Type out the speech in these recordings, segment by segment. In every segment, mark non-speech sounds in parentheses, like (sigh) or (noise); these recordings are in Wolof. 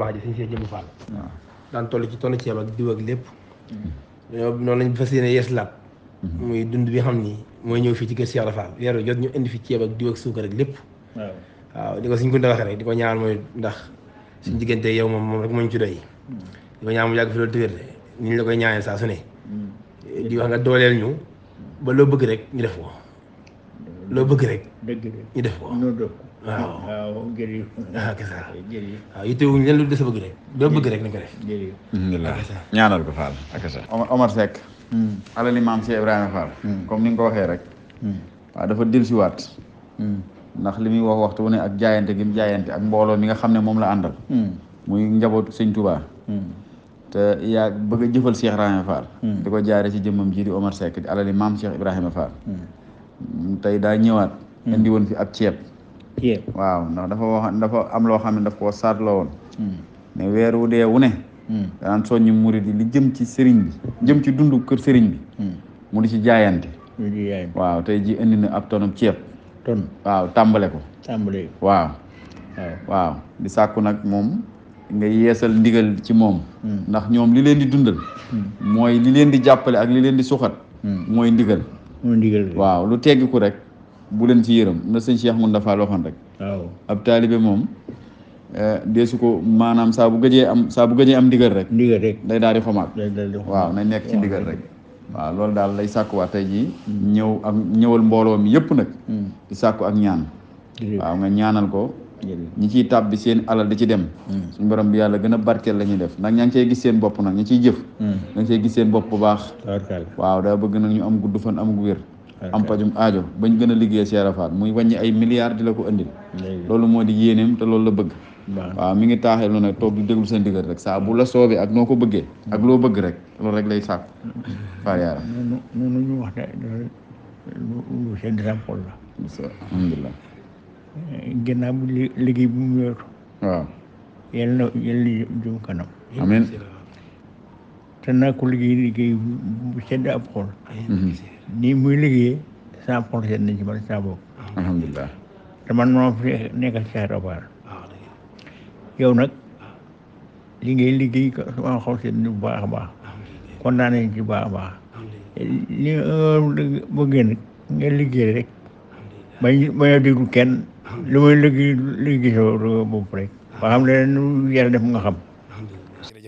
baax ji suñu see jëmb Fall. daan toll ci tonn ceeb ak diw ak lépp. Mm-hmm. dañoo noonu lañ fas yéene yeeslaat. Mm-hmm. muy dund bi xam ni mooy ñëw fii ci kër Cheikh Ibra Fall weer jot ñu indi fi ceeb ak diw ak suukar ak lépp. waaw di ko suñ ko waxee rek di ko ñaan mooy ndax. suñ mm-hmm. diggante yow moom moom rek moo ci doy. di ko ñaan mu yàgg fi loolu tëwér ni ñu la koy ñaanee saa su ne. di wax nga dooleel ñu ba loo bëgg rek ñu def ko. loo bëgg rek. ñu def ko. waaw waaw jërëjëf. ah kese la rek. bëgg rek nañ ko def. Ah, ñaanal ko Fall ak kese. Omar Omar hmm. alali maam si Ibrahima Fall. Hmm. comme ni nga ko waxee rek. Hmm. waaw dafa dellusiwaat. ndax li muy wax waxtu wu ne ak jaayante gi mu jaayante ak mbooloo mi nga xam ne moom la àndal. muy njabootu sëñ Touba. te yaa bëgg a jëfal Cheikh Ibrahima Fall. di ko jaare ci jëmmam ji di Omar Seck di alali maam Cheikh Ibrahima Fall. tey daa ñëwaat. indi fi ab ceeb. waaw ndax dafa wax dafa am loo xam ne daf koo saatloo woon hmm. ne weer wu dee wu ne hmm. daan soññu murid yi li jëm ci sëriñ bi jëm ci dundu kër sëriñ bi hmm. mu di ci jaayante waaw tey ji indi na ab tonam ceeb ton tàmbale ko tàmbale waaw waaw di sàkku nag moom nga yeesal ndigal ci moom ndax ñoom li leen di dundal mooy li leen di jàppale ak li leen di suuxat mooy ndigal mooy ndigal waaw lu teggiku rek bu leen ci yërëm na sëñ Cheikh mun dafa waxoon rek. waaw ab taalibe moom. Eh, deesu ko maanaam saa bu gëjee am saa bu gëjee am ndigal rek. ndigal rek day daal di xomaat. waaw na nekk ci ndigal rek. waaw loolu daal lay sàkkuwaat tey jii. ñëw ak ñëwal mbooloo mi yëpp nag. Hmm. di sàkku ak ñaan. waaw nga ñaanal ko. ñi ciy tàbbi seen alal di ci dem. Hmm. suñu borom bi yàlla gën a barkeel la ñuy def ndax ñaa ngi cey gis seen bopp nag ñi ciy jëf. Hmm. ña ngi cey gis seen bopp bu baax. waaw daa bëgg nag ñu am gudd fan am pajum aajo bañ gën a liggéey Cheikh Ibra muy wàññi ay milliards di la ko andil loolu moo di yéeneem te loolu la bëgg waaw mi ngi taaxee lu ne toog di déglu seen digal rek saa bu la soobee ak noo ko bëggee ak loo bëgg rek loolu rek lay sàkk far (laughs) yaaram ñu wax lu sedd la alhamdulilah eh, ginnaaw bu liggéey bu mu yootu waaw yàlla na yàlla jëm kanam amiin te naa ko liggéey liggéey bu sedd ab xol. Mhm. nii muy liggéey saa xol sedd nañ man saa bopp. alhamdulilah te man maa fi nekkal si xabaar. yow nag li ngay liggéey sama xol sedd bu baax a baax kontaan nañ ci baax a baax li bëggee nag nga liggéey rek bañ bañ a déglu kenn lu may liggéey liggéey ne yàlla def nga xam.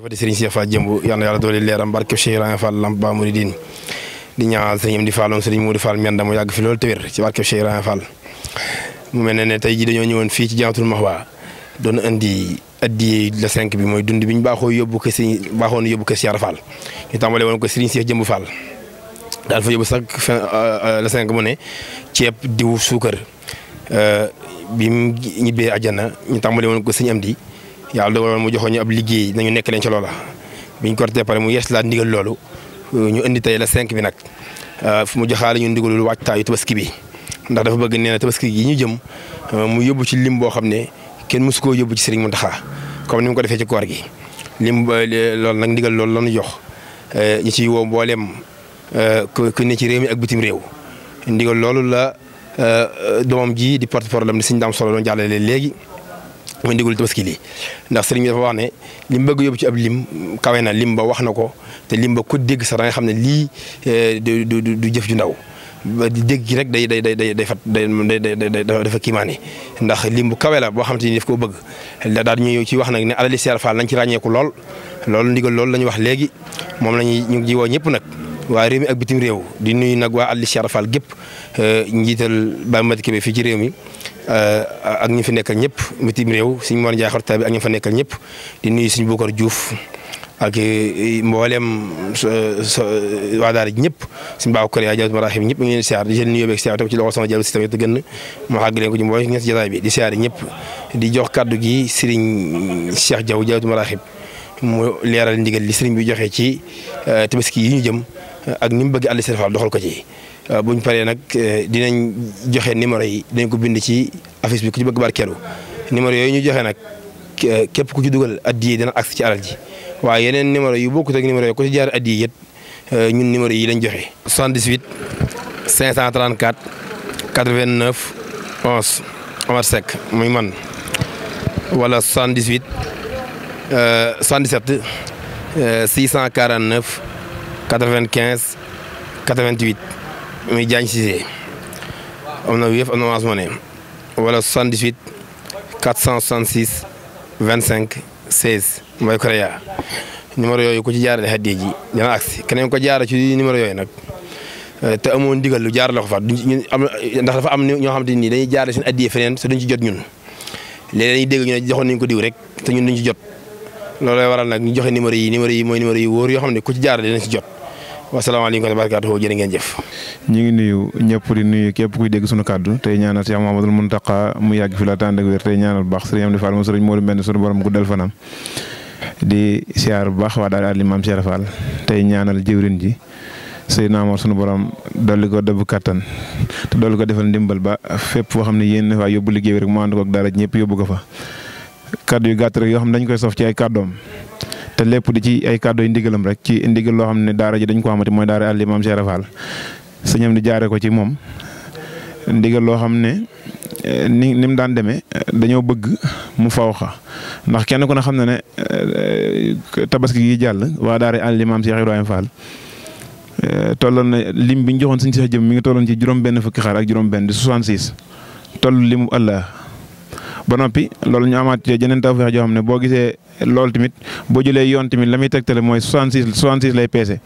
jëfati Serigne Cheikh Fall jëmb yal na yàlla doole leeram barke Cheikh Ibrahima Fall Lamp Ba di ñaanal di Fall sëriñ Modou Fall Menda mu yàgg fi loolu te mu mel ne ne tey jii dañoo ñëwoon fii ci Jannatul Mahwa doon andi addiye la cinq bi mooy dund bi ñu baaxoo yóbbu ko baaxoon yóbbu ko si Yara ñu tàmbale woon ko Serigne Cheikh Jëmb Fall daal fa euh, euh, cinq mu diw suukar euh, bi mu ñibbee àjjana ñu tàmbale woon ko sëñ di yàlla dogaloon mu joxoon ñu ab liggéey nañu nekk leen ci loola biñ ko rtee pare mu yeeslaat ndigal loolu ñu indi tey la cinq bi nag euh, fu mu joxaale ñu ndigalul waajtaayu tabaski bi ndax dafa bëgg nee na tabaski yi ñu jëm euh, mu yóbbu ci lim boo xam ne kenn mësu koo yóbbu ci Serigne Mountakha comme ni mu ko defee ci koor gi lim loolu nag ndigal loolu la ñu jox euh, ñu ciy woo mboolem ku ne ci réew mi ak bitim réew ndigal loolu la doomam ji di porte-parole am di Serigne Dame Solo doon jàllale léegi mooy ndigalu tabaski lii ndax sëriñ bi dafa wax ne lim bëgg yóbbu ci ab lim kawe na lim ba wax na ko te lim ba ku dégg sax da nga xam ne lii eh, du du du jëf ju ndaw ba di dégg gi day day day day day fat day day day dafa kiimaane ndax lim bu kawe la boo xam te ni def koo bëgg daal ñu ci wax nag ne alali seer faal nañ ci ràññeeku lool loolu ndigal loolu la ñu wax léegi moom la ñuy ñu ngi ñëpp nag. waa réew mi ak bitim réew di nuyu nag waa alali seer faal gépp eh, njiital bàmmati kebe fii ci réew mi. Euh, ak ñi fi nekkal ñëpp mitim réew suñu mor jaaxar bi ak ñi fa nekkal ñëpp di nuyu suñu Bokar Diouf ak e, e, mboolem waa daara ji ñëpp suñu baaw kër yaa jawt marahim ñëpp ñu ngi leen siyaar di jël nuyoo beeg siyaar tam ci loxo sama jàll si tamit te gën mu xàgg leen di siyaar ñëpp di jox kàddu gi Serigne Cheikh Diaw jawt marahim mu leeral ndigal li Serigne bi joxee ci e, tabaski yi ñu jëm ak ni mu bëgg àll si doxal ko ci. Euh, bu ñu paree nag euh, dinañ joxe numéro yi dañ ko bind ci affiche bi ku ci bëgg barkeelu numéro yooyu ñu joxe nag képp ku ci dugal addiya dana agsi ci alal ji waaye yeneen numéro yi bokkut ak numéro yi ku ci jaar addiya it euh, ñun numéro yi lañ joxe. 78 534 89 11 Omar Seck muy man wala 78 77 649 95 88. muy Diagne Cissé am na Wave am na Orange Money wala 78 466 25 16 mooy Korea numéro yooyu ku ci jaarale xaddi ji dina agsi keneen ko jaara ci numéro yooyu nag eh, te amoon ndigal lu jaar la ko fa duñ am ndax dafa am ñoo xam te nii dañuy jaar seen addiye feneen te duñ ci jot ñun léeg dañuy dégg ñu ne joxoon nañ ko diw rek te ñun duñ ci jot looloo waral nag ñu joxe numéro yi numéro yi mooy numéro yi wóor yoo xam ne ku ci jaarale dina ci jot wasalaamaaleykum wa barakaatuhu jërë ngeen jëf. ñu ngi nuyu ñëpp di nuyu képp kuy dégg sunu kàddu tey ñaanal Cheikh Mouhamadoul Mountakha mu yàgg fi la tànn ak wér tey ñaanal baax sëriñ Amady Fall moom sëriñ Modou Mbène di siyaar bu baax waa daal Aliou Mame Cheikh Fall tey ñaanal jëwrin ji Seydina Amar sunu borom dolli ko dëbb kàttan te dolli ko defal ndimbal ba fépp foo xam ne yéen waa yóbbu liggéey rek mu ànd ko ak daara ñëpp yóbbu ko fa kàddu yu gàtt rek yoo xam ne dañ koy sof ci kàddoom te lépp di ci ay kàddu yu ndigalam rek ci ndigal loo xam ne daara ji dañ ko xamati mooy daara Al Imam Cheikh Rafal sëñam di jaare ko ci moom ndigal loo xam ne eh, ni ni mu daan demee eh, dañoo bëgg mu xa ndax kenn ku ne xam ne ne eh, tabaski gi jàll waa daara Al Imam Cheikh Ibrahima Fall tolloon na lim bi ñu joxoon suñu seex jëm mi ngi tolloon ci juróom-benn fukki xar ak benn di 66 toll limu Allah ba noppi loolu ñu amaat yeneen tawfeex joo xam ne boo gisee loolu tamit boo jëlee yoon tamit la muy tegtale mooy 66 66 lay peese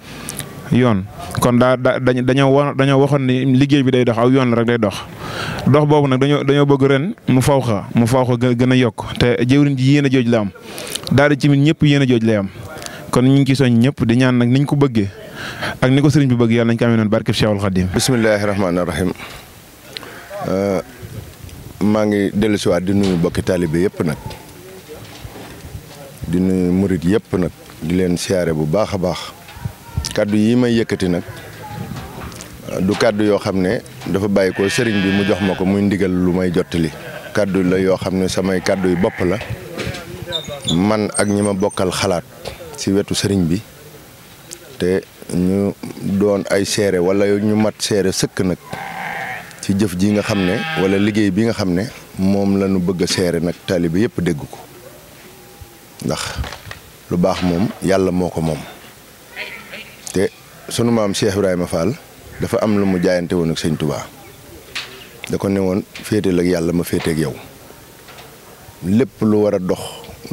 yoon kon daa da dañoo wa dañoo waxoon ni liggéey bi day dox aw yoon la rek day dox dox boobu nag dañoo dañoo bëgg ren mu faw xa mu faw xa gën a yokk te jëwriñ ji yéen a jooj la am daal di ci mit ñëpp yéen a jooj lay am kon ñu ngi ci soñ ñëpp di ñaan nag niñ ko bëggee ak ni ko sëriñ bi bëgg yàlla nañ ko amee noonu barkeb Cheikhul Khadim bismillaahi rahmaani rahim maa ngi dellusiwaat di nuyu bokki taalibe yëpp nag di nuyu murit yëpp nag di leen siyaare bu baax a baax kàddu yi may yëkkati nag du kàddu yoo xam ne dafa bàyyi ko sëriñ bi mu jox ma ko muy ndigal lu may jottali kàddu la yoo xam ne samay kàddu bopp la man ak ñi ma bokkal xalaat ci wetu sëriñ bi te ñu doon ay seere walla ñu mat seere sëkk nag ci jëf ji nga xam ne walla liggéey bi nga xam ne moom lanu bëgg a seere nag taalibe yëpp dégg ko ndax lu baax moom yàlla moo ko moom te sunu am Cheikh Ibrahima Fall dafa am lu mu jaayante woon ak sëñ Touba da ko ne woon féeteel ak yàlla ma féete ak yow lépp lu war a dox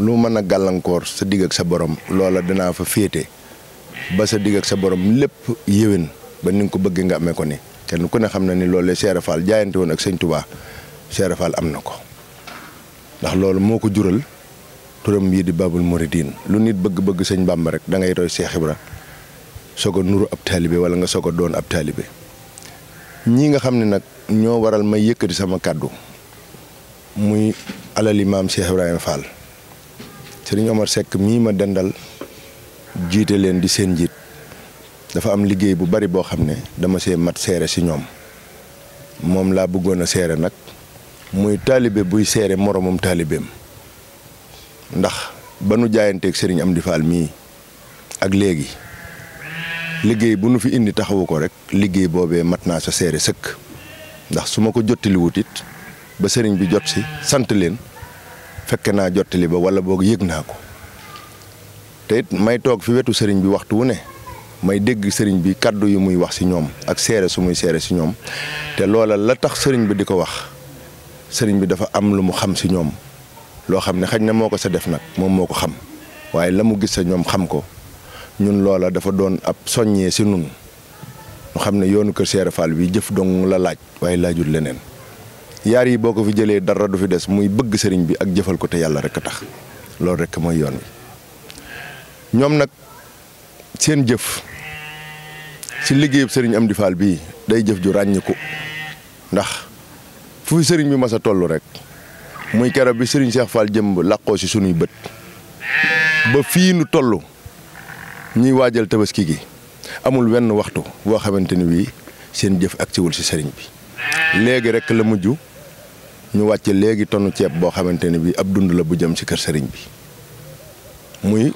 lu mën a gàllankoor sa digg ak sa borom loola danaa fa féete ba sa digg ak sa borom lépp yéwén ba ni ko bëggee nga amee ko ni kenn ku ne xam na ni loolu Cheikh Fall jaayante woon ak sëñ Touba Cheikh Fall am na ko ndax loolu moo ko jural. turam yi di babul muridin lu nit bëgg-bëgg sëñ Bàmba rek dangay ngay roy Seex Ibra soog a nuru ab taalibe wala nga soog a doon ab taalibe ñii nga xam ne nag ñoo waral may yëkkati sama kàddu muy alali maam Cheikh Ibrahima Fall sëriñ Omar Seck mii ma dendal jiite leen di seen njiit dafa am liggéey bu bari boo xam ne dama see mat seere si ñoom moom laa bëggoon a seere nag muy taalibe buy seere moromam taalibeem ndax ba nu sëriñ Serigne Amdi Fall mii ak léegi liggéey bu nu fi indi taxawu ko rek liggéey boobee mat naa sa seere sëkk ndax su ma ko jottaliwut it ba sëriñ bi jot si sant leen fekke naa jottali ba wala boog yëg naa ko te it may toog fi wetu sëriñ bi waxtu wu ne may dégg sëriñ bi kàddu yi muy wax si ñoom ak seere su muy seere si ñoom te loolal la tax sëriñ bi di ko wax sëriñ bi dafa am lu mu xam si ñoom loo xam ne xaj na moo ko sa def nag moom moo ko xam waaye la mu gis sa ñoom xam ko ñun loola dafa doon ab soññee si nun ñu xam ne yoonu kër Seera Fall bi jëf dong la laaj waaye laajul leneen yaar yi boo ko fi jëlee dara du fi des muy bëgg sëriñ bi ak jëfal ko te yàlla rek a tax loolu rek mooy yoon wi ñoom nag seen jëf si liggéeyub sëriñ Amdi Fall bii day jëf ju ràññiku ndax fu fi sëriñ bi mas a toll rek muy keroog bi Serigne Cheikh Fall jëmb làqoo si sunuy bët ba fii nu tollu ñuy waajal tabaski gi amul wenn waxtu boo xamante ni bii seen jëf ak siwul si sëriñ bi léegi rek la mujj ñu wàcce léegi tonu ceeb boo xamante ni bii ab dund la bu jëm ci kër sëriñ bi muy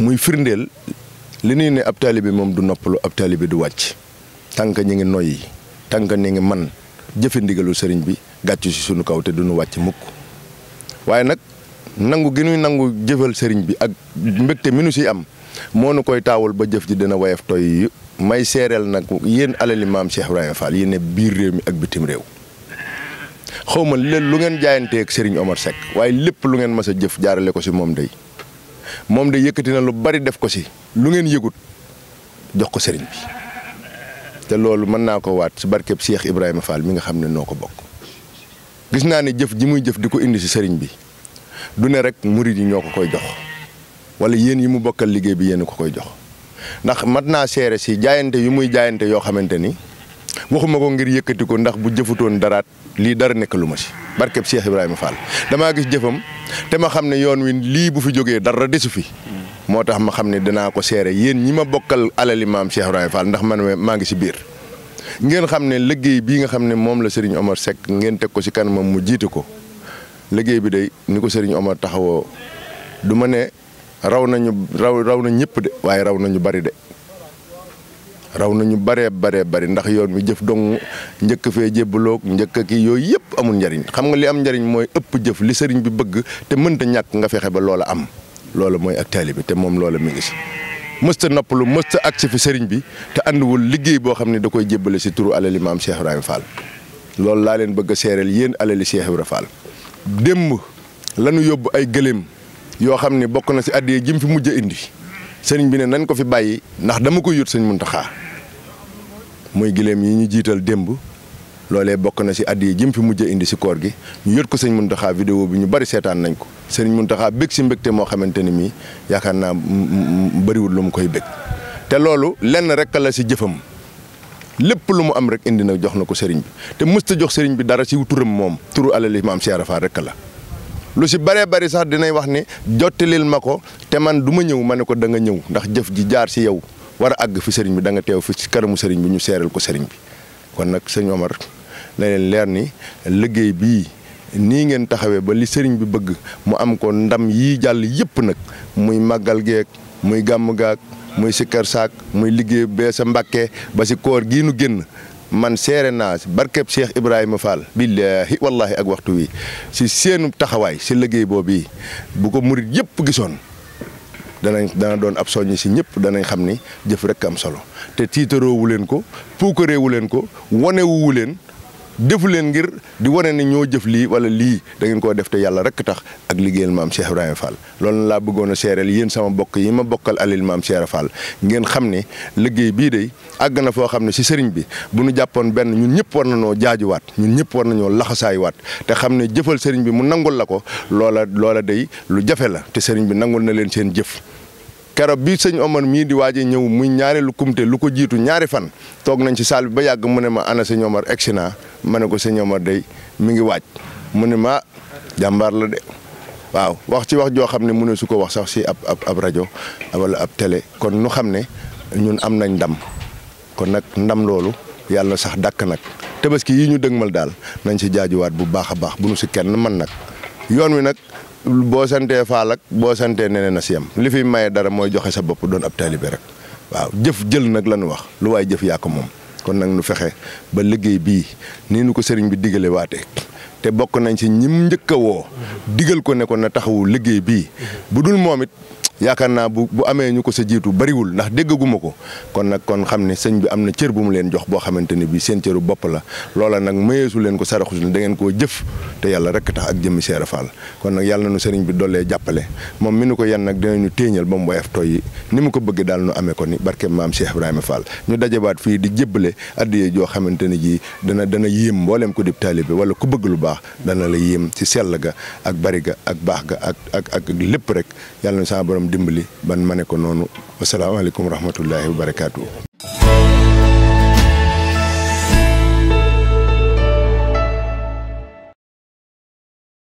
muy firndeel li nuy ne ab taalibe moom du noppalu ab taalibe du wàcc tànk ñi ngi noyyi tànk ñi ngi man jëfe ndigalu sëriñ bi gàccu ci sunu kaw te duñu wàcc mukk waaye nag nangu gi ñuy nangu jëfal sëriñ bi ak mbégte mi nu si am moo nu koy taawul ba jëf ji dina wayaf toy may seereel nag yéen alali maam Cheikh Ibrahima Fall yéen ne biir réew mi ak bitim réew xaw ma leen lu ngeen jaayantee ak Serigne Omar waaye lépp lu ngeen mas a jëf jaarale ko si moom day moom de yëkkati na lu bari def ko si lu ngeen yëgut jox ko sëriñ bi. te loolu mën naa ko waat ci barkeb Cheikh Ibrahima Fall mi nga xam ne noo ko bokk gis naa ne jëf ji muy jëf di ko indi si sëriñ bi du ne rek murit yi ñoo ko koy jox wala yéen yi mu bokkal liggéey bi yéen ko koy jox ndax mat naa seere si jaayante yi muy jaayante yoo xamante ni waxuma ko ngir yëkkati ko ndax bu jëfutoon daraat lii dara nekkaluma lu ma si barkeb Cheikh Ibrahima Fall damaa gis jëfam te ma xam ne yoon wi lii bu fi jógee dara desu fi moo tax ma xam ne danaa ko seere yéen ñi ma bokkal alali maam Cheikh Ibrahima Fall ndax man maa ngi si biir ngeen xam ne liggéey bii nga xam ne moom la Serigne Omar Seck ngeen teg ko si kanamam mu jiite ko liggéey bi de ni ko sëriñ Omar taxawoo du ma ne raw nañu raw raw na ñëpp de waaye raw nañu bari de raw nañu baree baree bari ndax yoon wi jëf dong njëkk fee jébbaloog njëkk ki yooyu yëpp amul njariñ xam nga li am njariñ mooy ëpp jëf li sëriñ bi bëgg te mënta ñàkk nga fexe ba loola am loolu mooy ak taalibe te moom loolu mu ngi si mësta noppalu mësta agsi fi sëriñ bi te ànduwul liggéey boo xam ne da koy jébbale si turu alali maam Cheikh Ibrahima Fall loolu laa leen bëgg a seereel yéen alali Cheikh Ibrahima Fall démb lañu yóbbu ay gëléem yoo xam ne bokk na si àddiyee jëm fi mujj a indi sëriñ bi ne nañ ko fi bàyyi ndax dama koy yót sëñ Muntaxa muy gëléem yi ñu jiital démb loolee bokk na si àddiyee jëm fi mujj indi si koor gi ñu yót ko sëñ Muntaxa vidéo bi ñu bari seetaan nañ ko sëriñ Serigne Mountakha bég si mbégte moo xamante ni mii yaakaar naa bëriwul lu mu koy bég te loolu lenn rek la si jëfam lépp lu mu am rek indi na jox na ko Serigne bi te mësta jox sëriñ bi dara si turam moom turu alali maam Cheikh Rafa rek la. lu si bëree bëri sax dinay wax ne jottalil ma ko te man du ma ñëw ma ne ko da nga ñëw ndax jëf ji jaar si yow war a àgg fi sëriñ bi da nga teew fi si kanamu sëriñ bi ñu seeral ko sëriñ bi kon nag sëñ Omar la leen leer ni liggéey bii. nii ngeen taxawee ba li sëriñ bi bëgg mu am ko ndam yi jàll yëpp nag muy màggal geek muy gàmm gaag muy sikkar saak muy liggéey bee sa mbàkke ba si koor gii nu génn man seere naa barkeb Cheikh Ibrahima Fall billaahi wallaahi ak waxtu wi si seenu taxawaay si liggéey boobu bu ko murit yëpp gisoon danañ dana doon ab soññ si ñëpp danañ xam ni jëf rekk am solo te tiitaroowu leen ko puukareewu leen ko wonewu leen defu leen ngir di wane ne ñoo jëf lii wala lii da ngeen koo def te yàlla rek tax ak liggéeyal maam Cheikh Ibrahima Fall loolu laa bëggoon a seereel yéen sama bokk yi ma bokkal alil maam Cheikh Fall ngeen xam ne liggéey bii dey àgg na foo xam ne si sëriñ bi bu nu jàppoon benn ñun ñëpp war nañoo jaajuwaat ñun ñëpp war nañoo waat te xam ne jëfal sëriñ bi mu nangul la ko loola loola day lu jafe la te sëriñ bi nangul na leen seen jëf. keroog bi sëñ Omar mii di waaje ñëw muy ñaareelu kumte lu ko jiitu ñaari fan toog nañ ci saal bi ba yàgg mu ne ma ana sëñ Omar egsi naa ma ne ko sëñ Omar day mi ngi waaj mu ne ma jàmbaar la de waaw wax ci wax joo xam ne mu ne su ko wax sax si ab ab ab rajo wala ab tele kon nu xam ne ñun am nañ ndam kon nag ndam loolu yàlla sax dàkk nag tabaski yi ñu mal daal nañ si jaajuwaat bu baax a baax bu nu si kenn mën nag yoon wi nag boo santee faal ak boo santee neneen a si yam li fiy maye dara mooy joxe sa bopp doon ab taalibe rek waaw jëf jël nag la ñu wax lu waay jëf yaa ko moom kon nag nu fexe ba liggéey bii nii nu ko sëriñ bi digale waate te bokk nañ si ñim njëkk a woo digal ko ne ko na taxawu liggéey bii bu dul moom it yaakaar naa bu bu amee ñu ko sa jiitu bariwul ndax déggaguma ko kon nag kon xam ne sëñ bi am na cër bu mu leen jox boo xamante ne bii seen cëru bopp la loola nag mayeesu leen ko saraxusu da ngeen koo jëf te yàlla rek tax ak jëmmi Seera faal kon nag yàlla nu sëriñ bi dollee jàppale moom mu nu ko yan nag dinañu téeñal ba mu woyof tooy yi ni mu ko bëgg daal nu amee ko ni barke maam Cheikh Ibrahima Fall ñu dajabaat fii di jébbale addiye joo xamante ne jii dana dana yéem mbooleem ko dib taalibe wala ku bëgg lu baax dana la yéem ci sell ga ak bari ak baax ga ak ak ak lépp rek yàlla nu borom dimbali ban ma ne ko noonu wasalaamaaleykum wa rahmatullahi wa barakaatu.